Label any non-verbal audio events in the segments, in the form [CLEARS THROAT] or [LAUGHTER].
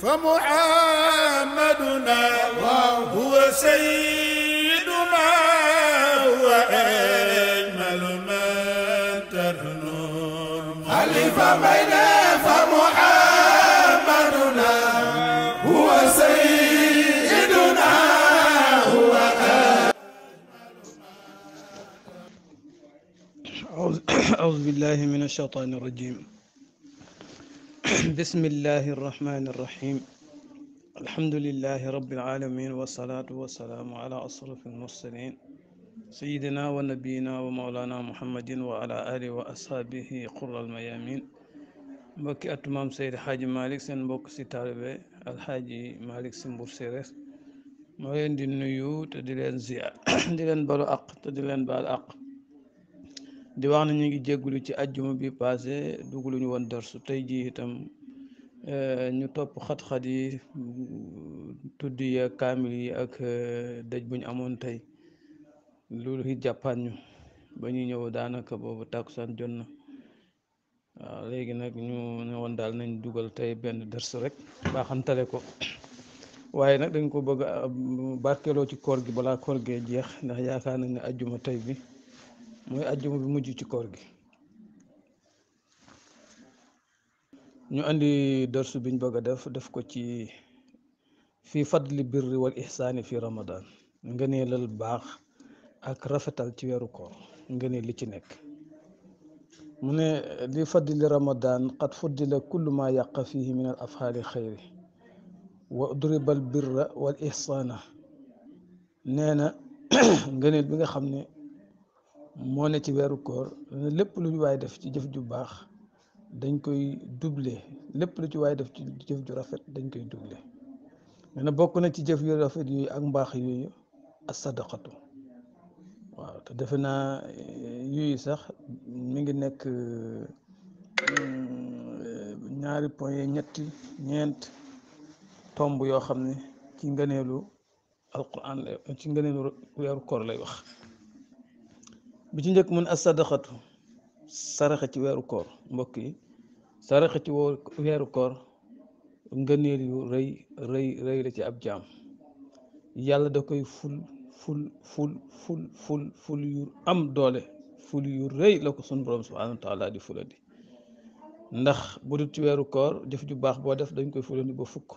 فمحمدنا هو سيدنا هو أجمل ما ترنور خلف بين فمحمدنا هو سيدنا هو أجمل ما أعوذ بالله من الشيطان الرجيم بسم الله الرحمن الرحيم الحمد لله رب العالمين والصلاة والسلام على أصرف المرسلين سيدنا ونبينا ومولانا محمد وعلى آله وأصحابه قر الميامين بك أتمام سيد حاج مالك سن بوك سي الحاج مالك سن بورسيرس موين دي نيو تدلين زيا دلين بالأق تدلين بالأق di na ñu ngi jéggulu ci ajjuma bi passé duglu ñu woon darsu tey ji itam e, ñu topp xat-xat yi tudd ya kaamil yi ak e, dëj buñ amoon tey loolu it jàppaat ñu ba ñu ñëw daanaka boobu takku takkusaan jot na léegi nag ñu ne woon daal nañ dugal tey benn darsu rek baaxantale ko waaye nag dañ ko bëgg barkeloo ci koor gi balaa koor gee jeex ndax yaakaar nañ ne ajjuma tey bi موي اديمو بي موجي تي كورغي ني اندي درس بي نبغا داف داف كو تي في فضل البر والاحسان في رمضان نغني لال باخ اك رافتال تي ويرو كور نغني لي تي نيك من لي فضل رمضان قد فضل كل ما يقى فيه من الافعال خير وأضرب البر والإحسان نانا غنيل بيغا خامني moo ne ci weeru koor lépp lu waay def ci jëf ju baax dañ koy doublé lépp lu ci waay def ci jëf ju rafet dañ koy duble nee na bokk na ci jëf yu rafet yooyu ak mbaax yooyu as sadaqatu waaw te defe naa eh, yooyu sax mi ngi nekk mm, ñaari point ñetti ñeent tomb yoo xam ne ci ngëneelu alquran la ci ngëneelu lay wax bi ci njëkk mun asadaxatu saraxa ci weeru koor mbokk yi saraxa ci weeru koor ngëneel yu rëy rëy rëy la ci ab jaam yàlla da koy ful ful ful ful ful ful yu am doole ful yu rëy la ko sun borom subhanahu wa taala di fula ndax bu dul ci weeru koor jëf ju baax boo def dañ koy fulandi ba fukk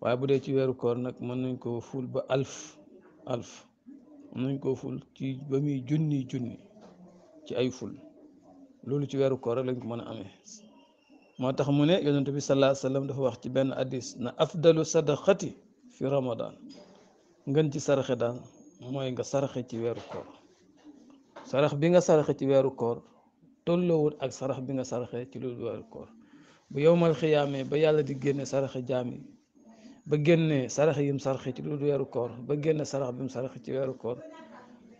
waaye bu dee ci weeru koor nag mën nañ ko ful ba alf alf nañ koo ful ci ba muy junni junni ci ay ful loolu ci weeru koor rek lañ ko mën a amee moo tax mu ne yonent bi sallallahu alayhi dafa wax ci benn hadis na afdalu sadaqati fi ramadan ngën ci saraxe daal mooy nga saraxe ci weeru koor sarax bi nga saraxe ci weeru koor tolloowul ak sarax bi nga saraxe ci loolu weeru koor bu yowmal xiyaamee ba yàlla di génne saraxe jaam ba génne sarax yi mu saraxe ci lu dul weeru koor ba génne sarax bi mu saraxe ci weeru koor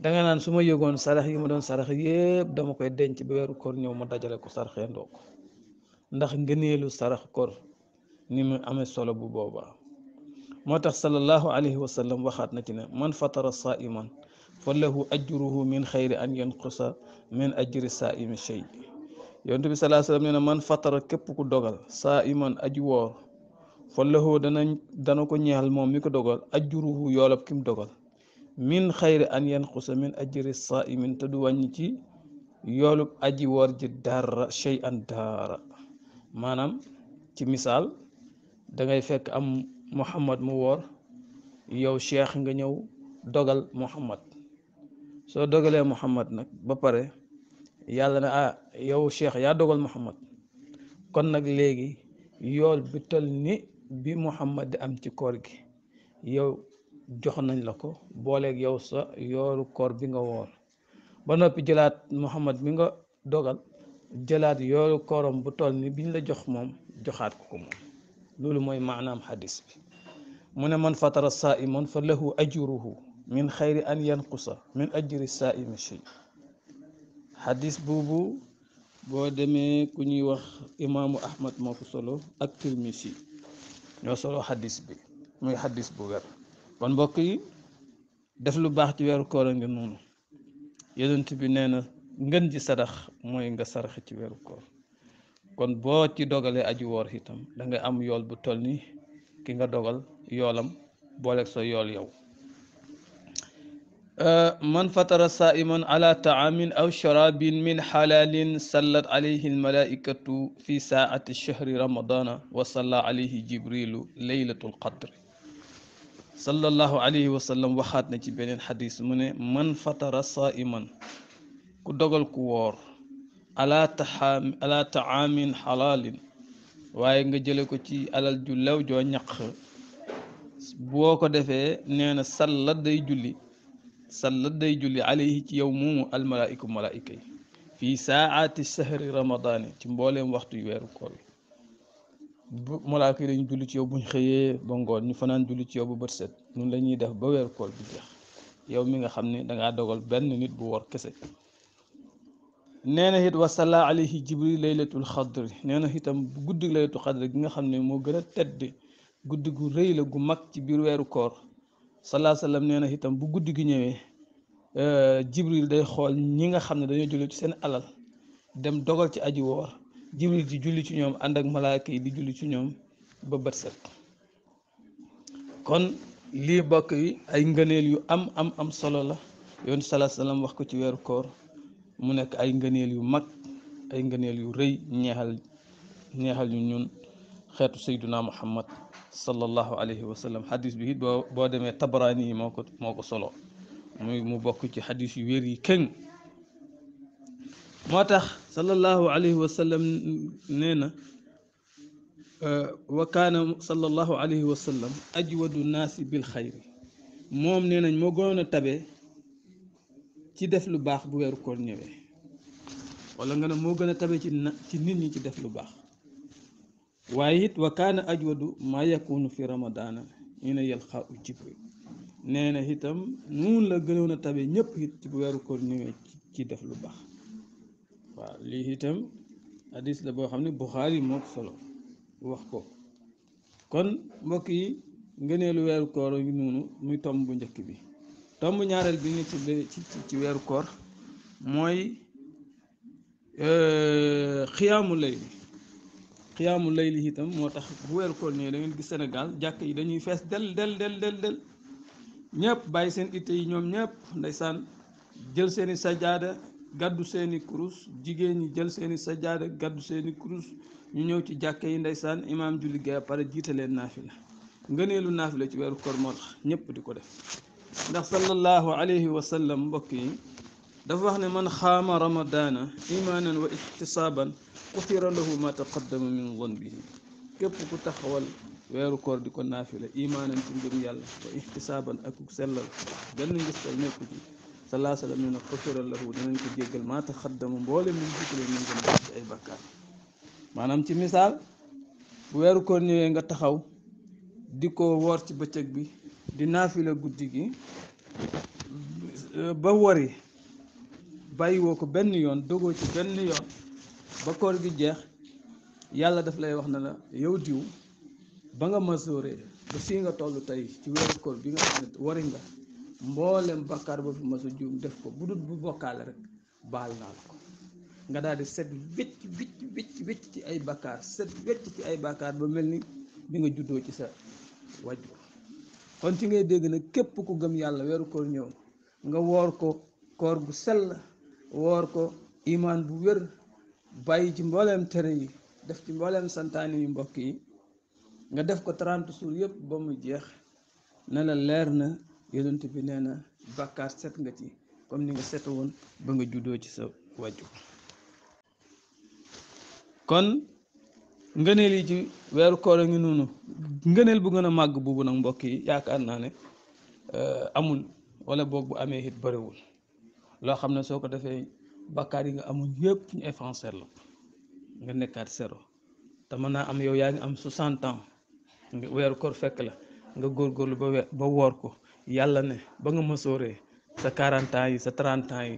da nga naan su ma yëgoon sarax yi ma doon sarax yëpp dama koy denc ba weeru koor ñëw ma dajale ko saraxee ndoo ko ndax ngëneelu sarax koor ni mu amee solo bu boobaa moo tax sallallahu alayhi wa sallam waxaat na ci ne man fatara saiman fa lahu ajruhu min xayri an yanqusa min ajri saimi shay yonent bi salaa sallam nee na man fatara képp ku dogal saiman aju woor فله دنا دنا كو نيال موم ميكو دوغال اجروه يولب كيم دوغال من خير ان ينقص من اجر الصائم تدواني وانيتي يولب اجي ورج دار شيئا دار مانام تي مثال دا غاي فك ام محمد مو يو شيخ nga دغل dogal محمد so dogale محمد nak ba pare yalla na ah yow cheikh ya محمد kon nak legi yol bitel bi Muhammad am ci koor gi yow jox nañ la ko booleeg yow sa yooru koor bi nga woor ba noppi jëlaat Muhammad mi nga dogal jëlaat yooru koorom bu toll ni biñ la jox moom joxaat ko ko moom loolu mooy maanaam xadis bi mu ne man fatara saa'iman fa lahu ajruhu min xayri an yanqusa min ajri saa'imi shay xadis boobu boo demee ku ñuy wax imaamu Ahmad moo ko solo ak Tirmisi ñoo solo xaddis bi muy xaddis bu wér kon mbokk yi def lu baax ci weeru koor a ngi noonu yonent bi nee na ngën ji sarax mooy nga sarax ci weeru koor kon boo ci dogalee aji woor itam da nga am yool bu toll ni ki nga dogal yoolam booleeg sa yool yow من فطر صائما على طعام أو شراب من حلال سلت عليه الملائكة في ساعة الشهر رمضان وصلى عليه جبريل ليلة القدر صلى الله عليه وسلم waxaat na ci beneen xadis mu ne man fatara saiman ku dogal ku woor ala taxaam ala taamin xalaalin waaye nga jële ko ci alal ju lew joo ñaq boo ko defee nee na salla day julli salla day julli alayhi ci yow moomu almalaa'iku malaa'ika yi fii saaati sahri ramadaani ci mbooleem waxtu yu weeru koor bu malaaka yi dañu julli ci yow buñ xëyee ba ngoon ñu fanaan julli ci yow ba bët set ñun la def ba weeru koor bi jeex yow mi nga xam ne danga dogal benn nit bu wor kese nee na it wasala alayhi jibril laylatul xadri nee na itam guddi laylatul xadri gi nga xam ne moo gën a tedd guddi gu rëy la gu mag ci biir weeru koor Sallallahu Alaihi wasallam na hitam bu guddi gi euh jibril day xol ñi nga xamne dañu jullu ci seen alal dem dogal ci aji wor jibril di julli ci ñom and ak malaika yi di julli ci ñom ba kon li bokk yi ay ngeeneel yu am am am solo la yoon Alaihi Wasallam wax ko ci weeru koor mu nekk ay ngeeneel yu mag ay ngeeneel yu reey ñeexal ñeexal ñun xeetu sayyiduna muhammad صلى الله عليه وسلم حديث بيه بودم تبراني موكو موكو صلو مي مو بوكو تي حديث ويري كين موتاخ صلى الله عليه وسلم نينا وكان صلى الله عليه وسلم اجود الناس بالخير موم نينا مو غونا تابي تي ديف لو باخ بو ويرو كور نيوي ولا غنا مو غنا تابي تي نيت ني تي ديف لو باخ waaye it wa kaana ajwadu ma yakunu fi ramadaana ñu ne yel xaa u jibri na itam noonu la gënoon a tabe ñëpp it ci bu weeru koor ñëwee ci def lu baax waaw lii itam hadis la boo xam ne Buxaari moo ko solo wax ko kon mbokk yi ngëneelu weeru koor ngi noonu muy tomb bu njëkk bi tomb ñaareel bi nga ci weeru koor mooy euh, xiyaamu lay xiyaamu layli itam moo tax bu weer koor ñooy da ngeen gis Sénégal jàkk yi dañuy fees del del del del del ñëpp bàyyi seen itte yi ñoom ñëpp ndeysaan jël seeni sajaada gàddu seeni kurus jigéen ñi jël seeni sajaada gàddu seeni kurus ñu ñëw ci jàkk yi ndeysaan imaam julli gaay pare jiite leen naafila ngëneelu naafila ci weeru koor moo tax ñëpp di ko def ndax sallallahu alayhi wa mbokk yi dafa wax ne man xaama ramadaana imaanan wa ixtisaaban xufira lahu ma taqaddama min zanbihi képp ku taxawal weeru koor di ko naafila imaanan ci ngëm yàlla wa ixtisaaban ak sellal benn ngistal nekku ci salaa salaam ne na xufira lahu ko jéggal ma taqaddama mboole min jikale min zanbihi ci ay bakkaar maanaam ci misaal bu weeru koor ñëwee nga taxaw di ko woor ci bëccëg bi di naafila guddi gi ba wori bàyyiwoo ko benn yoon dogoo ci benn yoon ba koor gi jeex yàlla daf lay wax na la yow diw ba nga masooree ba fii nga toll tey ci weeru koor bi nga xam ne wari nga mboolem bàkkaar boo fi masu juum def ko bu dut bu bokkaale rek baal naa la ko nga daal di set wécc wécc wécc ci ay bàkkaar set wécc ci ay bàkkaar ba mel ni bi nga juddoo ci sa wajur kon ci ngay dégg na képp ku gëm yàlla weeru koor ñëw nga woor ko koor gu sell woor ko imaan bu wér bàyyi ci mbooleem tere yi def ci mbooleem santaane yu mbokk yi nga def ko trente jours yëpp ba mu jeex ne la leer na yonent bi nee na bàkkaar set nga ci comme ni nga set woon ba nga juddoo ci sa wàjju kon ngëneel yi ci weeru koor a ngi noonu ngëneel bu gën a màgg boobu nag mbokk yi yaakaar naa ne euh, amul wala boog bu amee it bariwul loo xam ne soo ko defee bakkaar yi nga amuñ yëpp effacer la nga nekkaat sero te mën naa am yow yaa ngi am 60 ans nga weeru koor fekk la nga góor góorgóorlu ba weer ba woor ko yàlla ne ba nga mësooree sa 40 ans yi sa 30 ans yi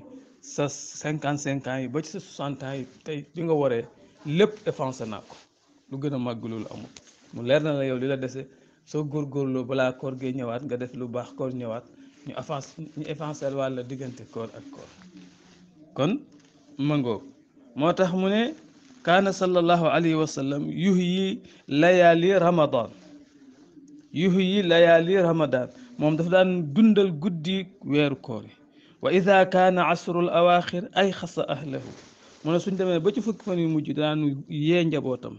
sa 55 ans yi ba ci sa 60 ans yi tey bi nga waree lépp effacer naa ko lu gën a màgg loolu amul mu leer na la yow li la dese soo góorgóorloo balaa koor gee ñëwaat nga def lu baax koor ñëwaat. ñu avance ñu avancel wàlla diggante koor ak koor kon mangoog moo tax mu ne kaana sallallahu alayhi wa yi yuhyi layaali ramadan yuhyi layaali ramadan moom dafa daan dundal guddi weeru koor yi wa ida kaana asrul awaaxir ay xasa ahlahu mu ne suñ demee ba ci fukki fan yu mujj daan yee njabootam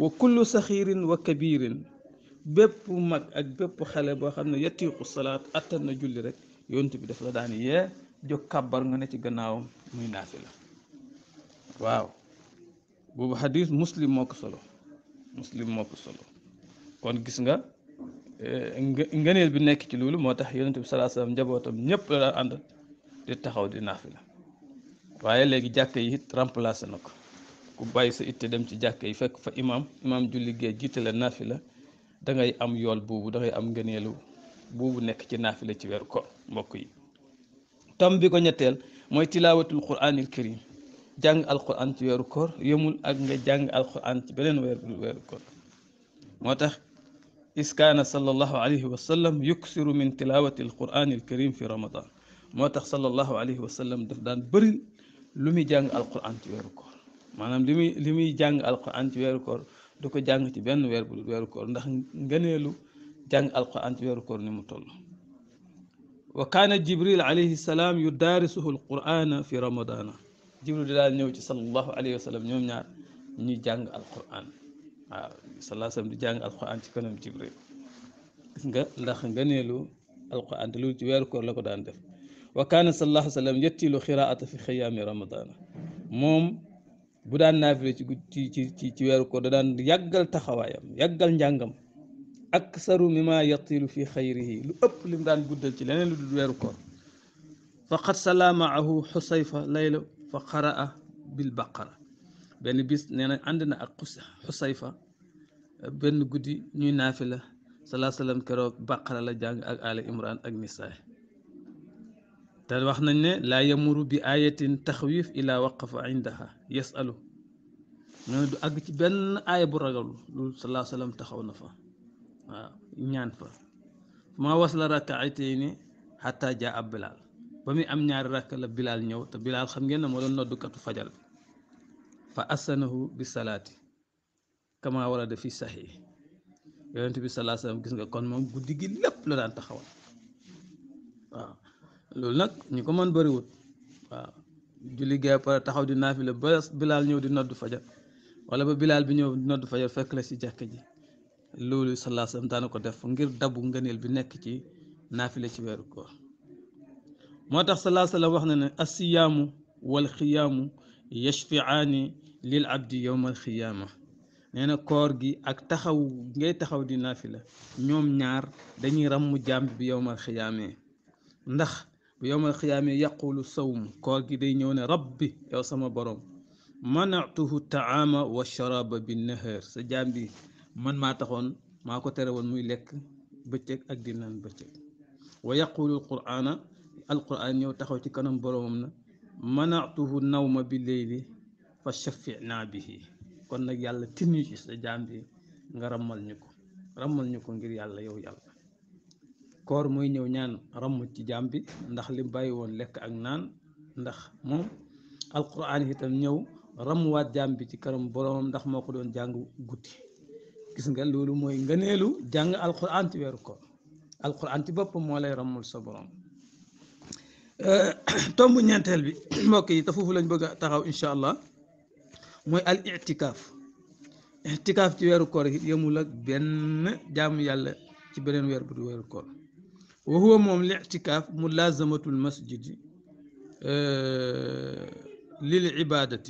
wa kullu saxiirin wa kabirin bépp mag ak bépp xale boo xam ne yatiiqu salaat attan na julli rek yonent bi dafa la daan yee jóg kàbbar nga ne ci gannaawam muy naafila waaw boobu hadis muslim moo solo muslim moo ko solo kon gis eh, nga ngëneel bi nekk ci loolu moo tax yonent bi salaa salaam njabootam ñëpp la daan ànd di taxaw di naafila waaye léegi jàkka yi it na ko ku bàyyi sa itte dem ci jàkka yi fekk fa imam imam julli gee jiite la naafila da ngay am yool boobu da ngay am ngëneelu boobu nekk ci naafila ci weeru ko mbokk yi tam bi ko ñetteel mooy tilaawatul quraanil karim jàng alquran ci weeru koor yëmul ak nga jàng alquran ci beneen weer weeru koor moo tax is kaana sallallahu alayhi wa sallam yuksiru min tilawati alquranil karim fi ramadan moo tax sallallahu alayhi wa sallam daf daan bëri lu muy jàng alquran ci weeru koor maanaam li muy li muy jàng alquran ci weeru koor du ko jàng ci benn weer bu dul weeru koor ndax ngëneelu jàng alquran ci weeru koor ni mu toll wa kaana jibril alayhi salaam yu daarisuhu fi ramadana jibril di daal ñëw ci salallahu alayhi wa sallam ñoom ñaar ñuy jàng alquran waaw salaa sallam di ci kanam jibril gis nga ndax ngëneelu alquran te loolu ci weer koor la ko daan def wa kaana salallahu sallam yettilu xiraata fi xiyaami ramadana bu daan naafile ci ci ci ci weeru koor daan yàggal taxawaayam yàggal njàngam aksaru mimma yatilu fi xayrihi lu ëpp lim daan guddal ci leneen lu dul weeru koor fa qad sala maahu layla fa qaraa bil baqara benn bis neena na na ak xusayfa benn guddi ñuy naafila salaa salaam keroog baqara la jàng ak ali imran ak nisaay تال واخنا لا يمر بآية تخويف إلا وقف عندها يسأله من دو اغ سي بن آية بو رغال صلى الله عليه وسلم تخاو نفا نيان فا ما وصل ركعتين حتى جاء بلال بامي ام نيار بلال نيو ت بلال خم نين مودون نود فأسنه بالصلاة كما ورد في صحيح يونس بي صلى الله عليه وسلم غيس نغا لب لا دان loolu nag ñu ko mën bëriwul waaw julli gee pare taxaw di naafila ba bilaal ñëw di noddu fajar wala ba bilaal bi ñëw di noddu fajar fekk la si jàkk ji loolu sallallahu alayhi ko def ngir dabu ngëneel bi nekk ci naafila ci weeru koor moo tax sallallahu wax na ne assiyaamu wal xiyaamu yashfiaani lil abdi yowmal xiyaama nee na koor gi ak taxaw ngay taxaw di naafila ñoom ñaar dañuy ràmm jàmm bi yowmal xiyaamee ndax بيوم القيامة يقول الصوم قال كدينيون ربي يا سما برام منعته الطعام والشراب بالنهر سجامبي من ما تخون ما كتر ون مي لك بتك أقدنان بتك ويقول القرآن القرآن يو تخوي تكنم برام منعته النوم بالليل فشفعنا به كنا يلا تنيش سجامبي غرمل نيكو رمل نيكو غير يلا يو يلا koor muy ñëw ñaan ramu ci jambi ndax li bayyi woon lekk ak naan ndax moom alquran itam ñëw ramu jaam jambi ci karam boroomam ndax moo ko doon jàng guddi gis nga loolu mooy ngëneelu jàng alquran ci weeru koor alquran ci bopp moo lay ramul sa borom eh, [CLEARS THROAT] tomb ñeenteel bi [CLEARS THROAT] mbokk yi te foofu lañ bëgg a taxaw incha allah mooy al itikaf itikaf ci weeru koor yemul ak benn jaamu yàlla ci beneen weer bu du weeru koor وهو موم الاعتكاف ملازمة المسجد آه، للعبادة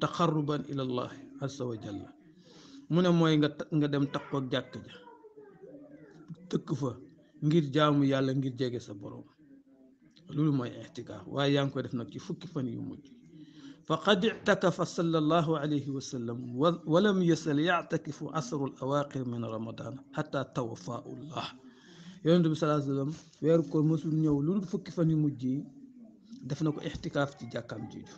تقربا إلى الله عز وجل من موي nga dem takko ak jakk ja tekk fa ngir jaamu yàlla ngir jege sa borom loolu mooy ixtikaaf waaye yaa ngi koy def nag ci fukki fan yu mujj فقد اعتكف صلى الله عليه وسلم ولم يسل يعتكف عشر الأواخر من رمضان حتى توفاه الله yonent bi salaa sallam weeru koor mosul ñëw lu dul fukki fan yu mujj yi def na ko ixtikaaf ci jàkkaam jiiju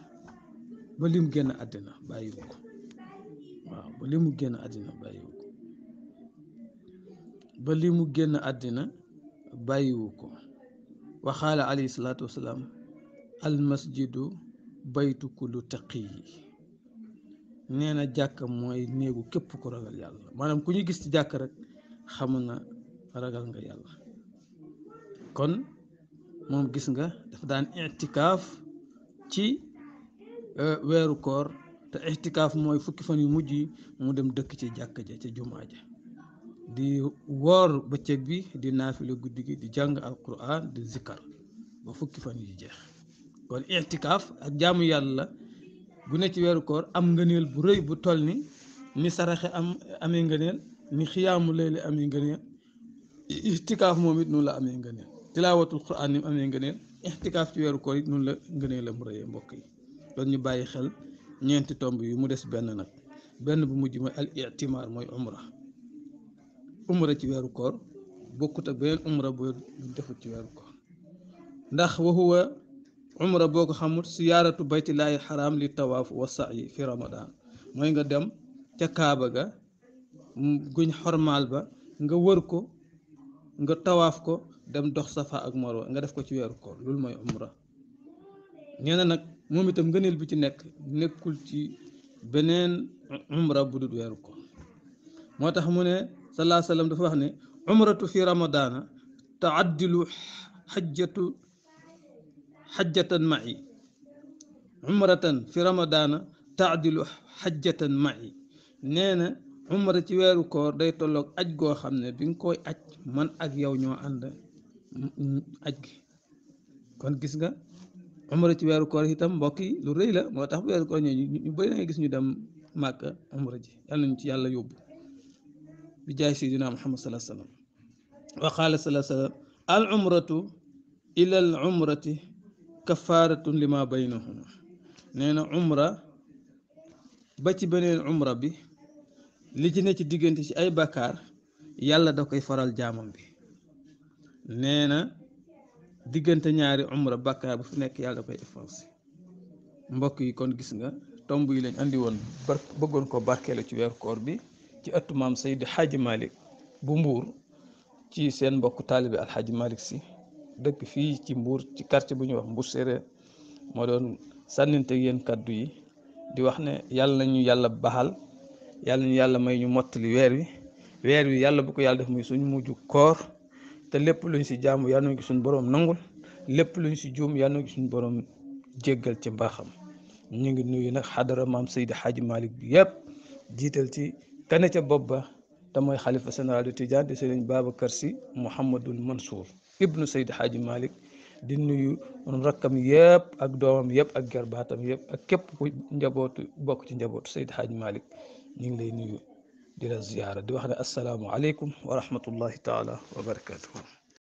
ba li mu génn àddina bàyyiwu ko waaw ba li mu génn àddina bàyyiwu ko ba li mu génn àddina bàyyiwu ko waxaala alayhi salaatu wasalaam al masjidu baytu kullu taqi yi nee na jàkk mooy néegu képp ku ragal yàlla maanaam ku ñu gis ci jàkk rek xam na ragal nga yàlla kon moom gis nga dafa daan itikaaf ci euh, weeru koor te itikaaf mooy fukki fan yu mujj yi mu dem dëkk ci jàkk ja ca jumaa ja di woor bëccëg bi di naafile guddi gi di jàng alquran di zikkar ba fukki fan yu jeex kon itikaaf ak jaamu yàlla bu ne ci weeru koor am ngëneel bu rëy bu toll ni ni saraxe am amee ngëneel ni xiyaamu layli amee ngëneel ixtikaaf moom it noonu la amee ngëneel tilaawatul quraan ni mu amee ngëneel ixtikaaf ci weeru koor it noonu la mu rëyee mbokk yi loolu ñu bàyyi xel ñeenti tomb yi mu des benn nag benn bu mujj mooy al itimaar mooy umra umra ci weeru koor bokkut ak beneen ci weeru koor ndax wa huwa umra boo ko xamul siyaaratu baytillaahi xaraam li tawaaf wa sa'yi fi ramadaan mooy nga dem ca kaaba ga guñ xormaal ba nga wër ko nga tawaf ko dem dox safa ak marwa nga def ko ci weeru koor loolu moy umrah nee nak nag moom itam bi ci nek nekul ci benen umrah bu dul weeru koor moo mu ne alayhi wasallam dafa wax ne umratu fi ramadaana taaddilu xajjatu xajjatan umratan fi ramadaana taaddilu hajjatan ma'i nee umra ci weeru koor day tolloog aj goo xam ne bi nga koy aj man ak yow ñoo ànd aj gi kon gis nga umra ci weeru koor itam mbokk yi lu rëy la moo tax bu weeru koor ñu bëri na nga gis ñu dem màkk umra ji yàlla nañu ci yàlla yóbbu bi jaay sayyidina Muhammad sallallahu alayhi wasallam wa qaala sallallahu alayhi wasallam al umratu ila al umra ba ci beneen umra bi li ci ne ci diggante ci ay bàkkaar yàlla da koy faral jaamam bi nee na diggante ñaari umra bàkkaar bu fi nekk yàlla da koy effacé mbokk yi kon gis nga tomb yi lañ indi woon bëggoon ko barkeelu ci weeru koor bi ci ëttu maam Seydi Xaaji Malick bu Mbuur ci seen mbokk taalibi Alxaaji malik si dëkk fii ci Mbuur ci kart bu ñu wax Mbuur Séeréer moo doon sànninte yéen kàddu yi di wax ne yàlla ñu yàlla baxal yàlla ñu yàlla may ñu mottali weer wi weer wi yàlla bu ko yàlla def muy suñu mujj koor te lépp luñ si jaamu yàlla nañ suñu borom nangul lépp luñ si juum yàlla nañ suñu borom jéggal ci mbaaxam ñu ngi nuyu nag xadara maam Seydi Hadji Malick bi yëpp jiital ci kane ca bopp ba te mooy xalifa général du Tidiane di sëriñ Babacar Sy Mouhamadul Mansour ibnu Seydi Hadji Malick di nuyu rakkam yëpp ak doomam yëpp ak gerbaatam yëpp ak képp njabootu bokk ci njabootu Seydi Hadji Malick ñu ngi lay nuyu di la ziyaara di wax ne asalaamualeykum wa rahmatullahi taala wa barakaatuhu